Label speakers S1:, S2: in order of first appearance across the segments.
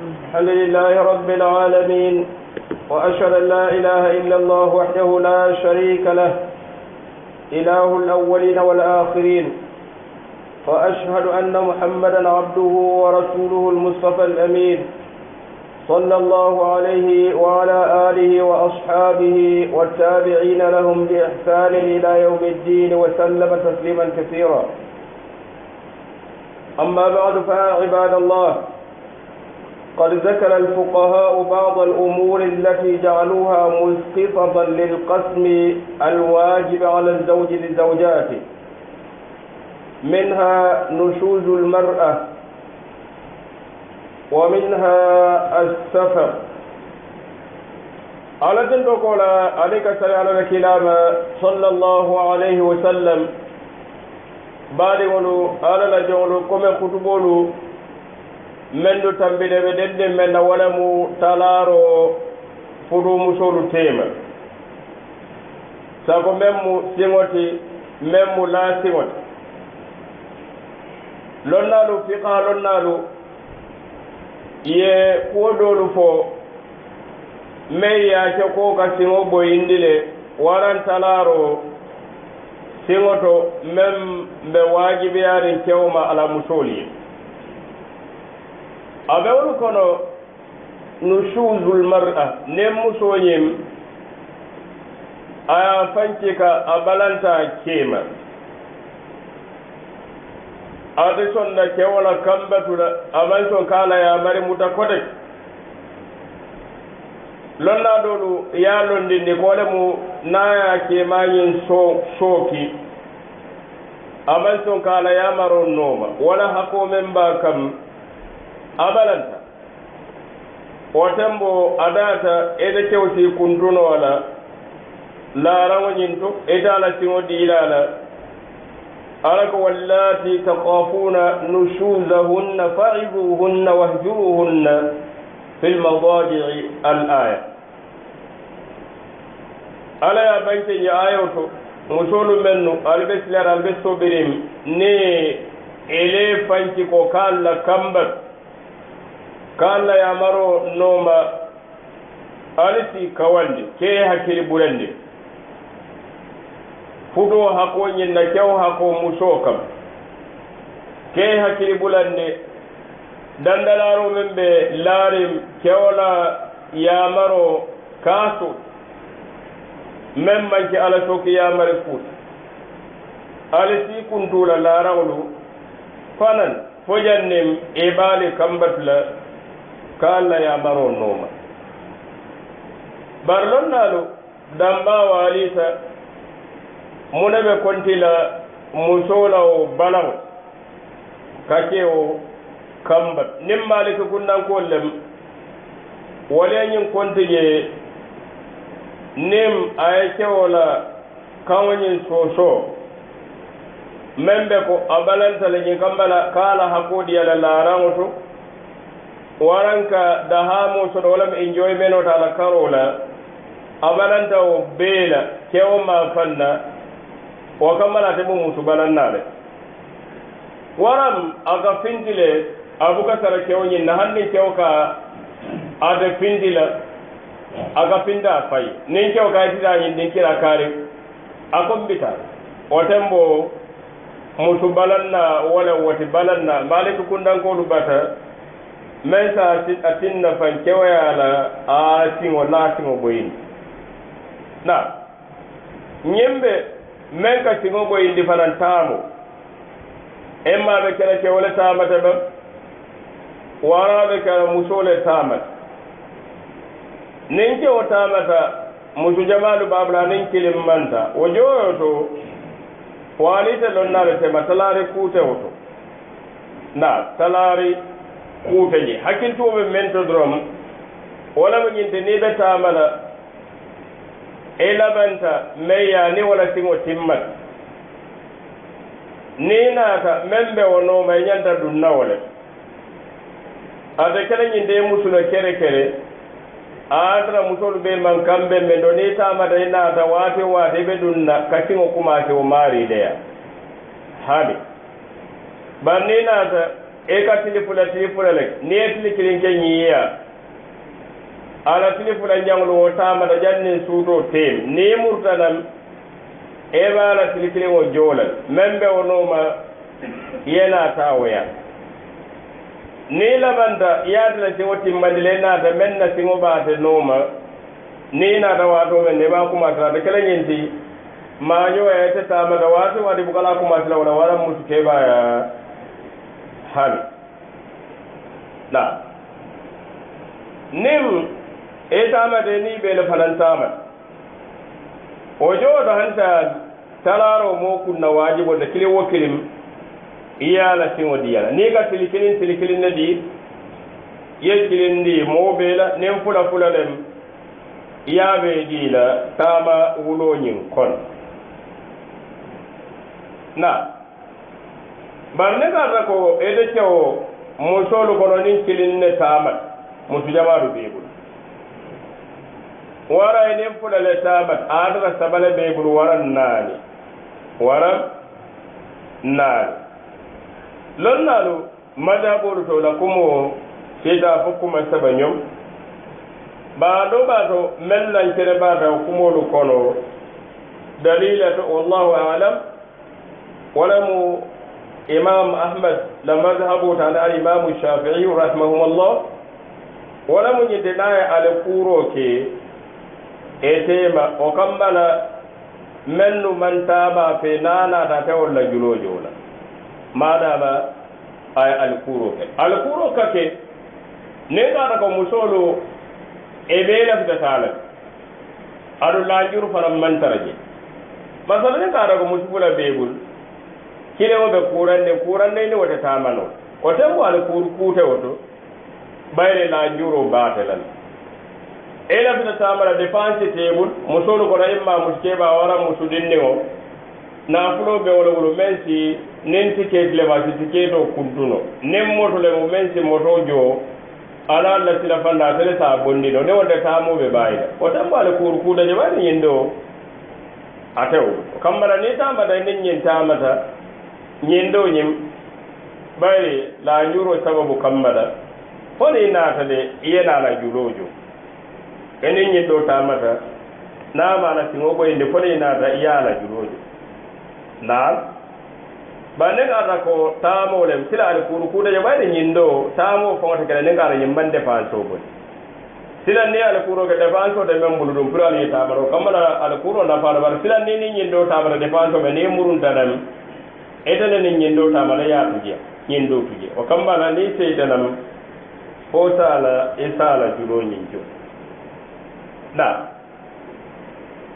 S1: الحمد لله رب العالمين وأشهد أن لا إله إلا الله وحده لا شريك له إله الأولين والآخرين وأشهد أن محمدا عبده ورسوله المصطفى الأمين صلى الله عليه وعلى آله وأصحابه والتابعين لهم بإحسان إلى يوم الدين وسلم تسليما كثيرا أما بعد فيا عباد الله قد ذكر الفقهاء بعض الأمور التي جعلوها مسقطة للقسم الواجب على الزوج لزوجاته منها نشوز المرأة ومنها السفر على تنقل عليك السلام على الكلام صلى الله عليه وسلم بارئ على لجول قم خطبولو mendu tambide be ɗenɗen men na wala mu talaaro fudumusolu tema sago men mu siŋoti men mu laasiŋoti lonnaalu fiqa lonnaalu ye kuwo dolu fo men yace ko ka singo boyindi le waran talaro singoto men be wajibiyarin kewma ala musoolu ye awel kono no chuseul mar'a nen musoñim a fancika a ɓalanta keema ade sonna kewola kambatula aman son kaalaya mari muta kote lonna ɗolu ya londinde koole mu naya keemañin sooki aman son kaalaya maron nooma wala hakko men mba kam abalanta otembo adata ede kewti kunduno ala laaraŋo ñin to ede ala siŋo diila ala ala ko wallati takafuna nusuzahunna faribuhunna wahjuruhunna fil madajii al aya ala ye bante ñi ayo to musolu men nu ali be silaata ali be sobirim ni ele fanci ko kaan la kambat ka alla yamaro nooma alisi kawande kee hakkili ɓurande futoo hakko ñinna kew hakko muso kam kee hakkili ɓulande dandalaaro men ɓe laarim kewla yamaro kaaso men manke ala soki yamare fuut alisi kuntuula laarawlu fanan fojannim ibaali kambatula kala ya baro noma bari loŋ naalu danbaa waaliita muna be konti la musoo la wo balaŋo ka ke wo kamba niŋ lem wolu ye ñiŋ konti je niŋ a ye kewo ko a balanta le ñiŋ kamba la ka a la hakkoodiya to waranka dahamu soɗo walam enjoymen ota ala karola abananta o beela kewo ma fanna wa kammala te ɓumusu banannaɗe waram aga findile abukasara kewo ñinna hannin kewo ka ada findila aga finda fay nin kewo ka yitita ñin ɗin kira kaari a kombita otembo musu balanna wala woti balanna mbaalitukundankolu bata men sa mensa atinna fan kewayala a tiŋo laatiŋo boyindi na ñiŋ be meŋ ka tiŋo boyindi fanan taamo emma be kela kewo le taamata ba wara be kela musoo le taamata niŋ kewo taamata musu jamalu baabula nin kilim manta wo jooyo to waaliite lonnaa le tema talaari kuutewo to na talaari kuufeje hakkiltuɓe mento drom wolama ñinte ni ɓe tamana e laɓanta meyya ni wala siŋo timmat ni naata men ɓe wonoma e ñanta dum nawole ade kele ñinde musula kere kere aadara musolu ɓe man kamɓe men ɗo ni tamata e naata waate waate ɓe ɗum na ka siŋo kumaake o maari ɗeya haami ɓan ni naata i ka tili fula tili le ni ye tili kiliŋ ke ñiiya ala la tili wo taamata jannin suuto teem ni i muruta naŋ i be a tili kiliŋo joo meŋ be wo nooma i ye naata wo yaŋ i labanta i la siŋo timmandi le i naata meŋ na siŋo baate nooma ni i naata waatoo meŋ ne i be a kumata kele ñiŋ ti maañoo ye ite taamata waati waati bukala kumati wala wala musu keebaa haami na nin etama de ni ɓeele falantama o jooɗo hanta talaro mokum na wajibo nde kili wo kilim iyala sino ɗiyala ni ka tili kilin tili kilin ne ɗi ye kilin ndi moo ɓeela nin fula fula ɗen yaɓe ɗiila tama wuloñin kon na bari ne garta ko ede kewo musolu kono nin kilin ne tamat musu jamaru bebul wara e ni fula le tamat adara sabale bebul wara nani wara nani lon nalu maja bolu to la kumo sita fo kuma saba nyom ba do ba to mel lan kere ba da kumo lu kono dalila to wallahu aalam wala mu imam ahmad la mazhabu tana imam shafi'i rahimahumullah wala mun yidde ɗaya ala kuro ke etema o kambana mennu mantama fe nana nanata tewol la julojo la madama aye alkuro ke ka ke ne da ko musolo e ɓe lafitatala aɗo lajuru faram man taraje masalan ne tata ko musufula bebul kire wo ɓe kuranne kuranne nde wote tamano ko tenmo ala kuru kuute o to ɓayre la juro batelal elafta tamara dépense teɓol musolu kota imma mus keɓa wara musuɗinni o nafuloɓe wolo wolo men si nen tiketlema si tiket o kudduno nen motolemo men si moto jo ala allah sila fanda tele sa bondino nde wonde tamuɓe ɓayda ko tenmo ala kuru kuuta jeɓani yinde o atew kammara ni tamata nen ñin tamata ñinndow ñim bari laañuro sababu kamma la foni naata de iyenaala juloojo eni ñinndow taamata naamaala siŋo ɓoyinde foni naata iyaala juloojo naal ba niŋ ata ko taamoo lem sila ali kuuru kuudajo bayde ñinndoo taamoo foŋota kele niŋ ata ñim man dépensoo boni sila ni ali kuuro ke dépensoo de meŋ mulu ɗum pour ali ye taamaro kamma la ali kuuro nafaato bara sila ni ni ñinndoo taamata dépensoo ɓe niŋ muruntanam etene nin ñin dow ya yaatujeya yin do tuje o ne sai kambala ni seytanam fo sala e sala julo ñin jo da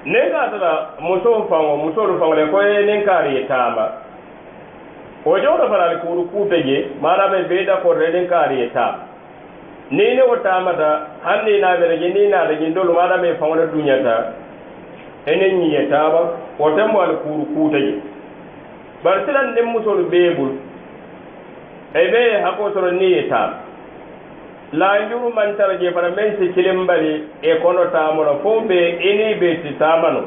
S1: ne ka tara muso fango musolu fango le koye nin kaari ye taama o ko fanali kuuru kuute je mana ɓe bee dakorde nin kare ye taama ni ne wo taamata hanni naaɓere je ni naata ñin dolu maɗa ɓe fango le duñata enen ñiye taama o temmo ali kuuru kuute je bari silan ɗin musol beebul e ni hakotoro niyeta laanjuru man je fana men si bali e kono tamono fo be ini ɓe si tamano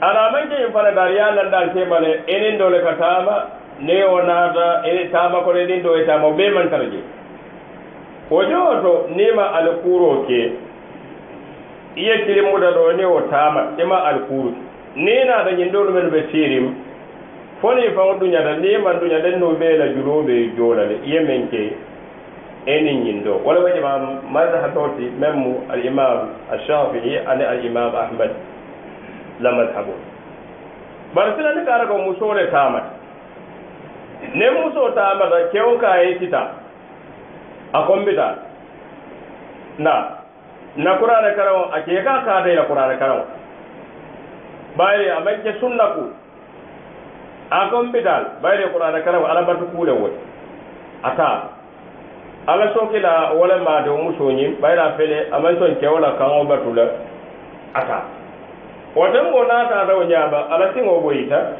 S1: alamanke ke fana dar yalandal temane inin dole ka taama ne o naata ini tama ko inin do e tama ɓe mantara je o ma nima alkuro ke iye kilimmuda do ni o ma ima alkuru ni naata ñin ɗo men be sirim fo fa faŋo duñata niŋ ma maŋ duña no be la juro be joo le ye men ke e niŋ ñiŋ doo wo le wo jamaa mazhaboo ti meŋ mu alimam an al alimam ahmad la madhhabu bari sila ni kara ko muso le ne muso musoo da kewo ka yi kita a a kombita na na kuraane karaw a ke ka ka kaata i la kuraane karaŋo baayi a ke sunna ku akon bidal bayde qur'ana wa ala ku da wai ata ala sokila wala ma da muso bai da fele aman son wala kan o batula ata wadan mo na ta raw ba ala tin go boita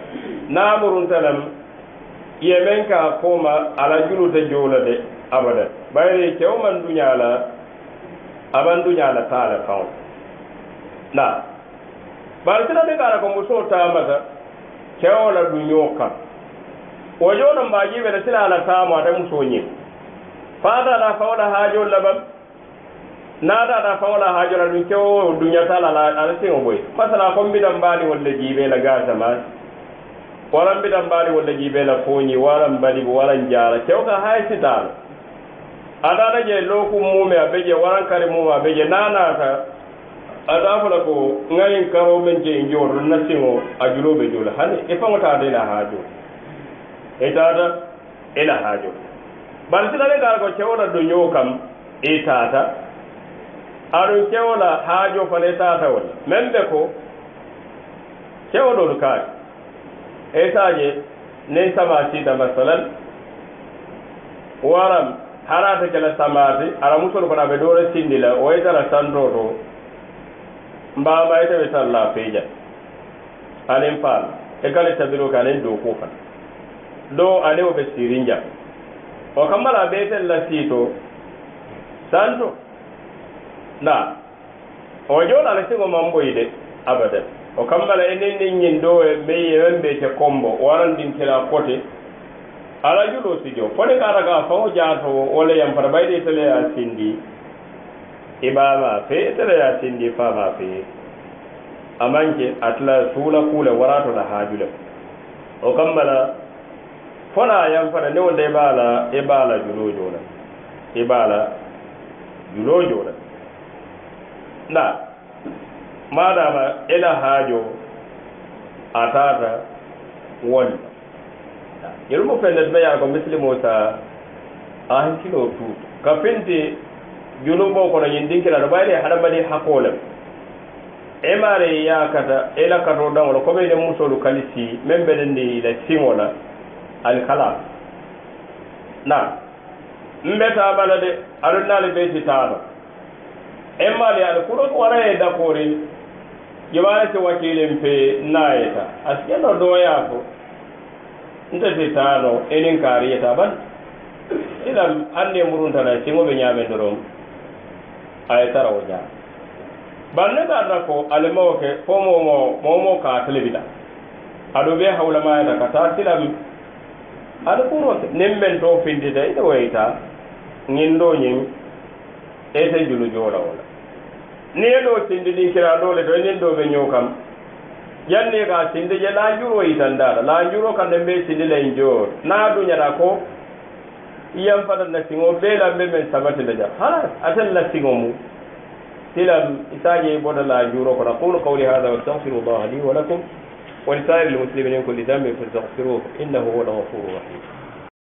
S1: na murun talam yemen ka koma ala julu da jola de abada ke wa man la aban ta tala kan na bar tira de ra ko muso ta mata kewola duñoo kan wo jono mbajiɓe ne sila ala tamo ata musoñin fata ala fawla haajol labam naata ata fawla haajol aɗum kewo duñatal ala tiŋo ɓoy masala kon mbiɗa mbaani walla jiiɓe la gasamat wala mbiɗa mbaani walla jiiɓe la foñi wala mbalibo wala jaara kew ka hay sitaano aɗa ata je lookum mume a beje waran kare mum a beje nanata ada fola ko ngayin karo men je njoto nassiŋo a juloɓe jola hani e faŋo tata ila haajo e tata ila haajo bar silane gara ko cewola do ñoo kam e tata aɗum cewola haajo fale tata wala men ɓe ko cewoɗol kaari e saje nen sama sida masalan waram harata kela samade ara musol kona ɓe ɗore sindila o yitara sandoto mbama ite be tara lafeeja aniŋ paala e kale le tabiroo ke aniŋ dookuo do doo aniŋ wo be sirinja jam o kambala a be iteŋ la siito santo na o joo la singo siŋo de abadan o kamma la eniŋ niŋ ñiŋ doo e meŋ ye be te kombo waraŋ din kela kote ala juloo si joo fo ne ka ata ka a faŋo jaatoo wo le yaŋ le ibama fe tara fa fama fe amanke atla sula kula warato da hajula o kammala fona yan fara ne wanda ibala ibala julo jona ibala julo jona na madama ila hajo atata wani yirmu fendet ya yago muslimo ta tu tutu kafinti junuboo kono ñiŋ dinkirala bayiri ye hadamadiŋ hakkoo lem e maare ye a kata i e la katoo daŋo la komi i la musolu kali sii meŋ bedendi i la siŋo la kala na mbe ta bala de aduŋ naali bee ti taano e maali ali kuro wara ye dakoori jibaale ti wakiiliŋ pee naa ye ta a si keno dooyaa fo nte ti taano i e niŋ kaari ye ta bari i la aŋ ne muruntala siŋo be ñaameŋ doroŋ a ye tarawo jaa bari ne be ata ko alemawo ke fo momo momo ka telebita aɗo ɓe hawlamayata ka ta silam aɗa furo ke nin men to findita ita woyita ngin ɗo ñin ete julu joola wola ni ye ɗo sindi ɗin kira ɗole to e nin ɗo ɓe ñoo kam yanni ka sindi je la juro yitan daɗa la juro kam nde mbe sindi len joor na duñata ko iyan fana lasiŋo bee bela be meŋ samati la jam halas atel lasiŋo mu tilam isaje bota la juuro kono aqulu qawli hada wastaghfiru llaha li wa lakum ولسائر المسلمين من كل ذنب فاستغفروه انه هو الغفور الرحيم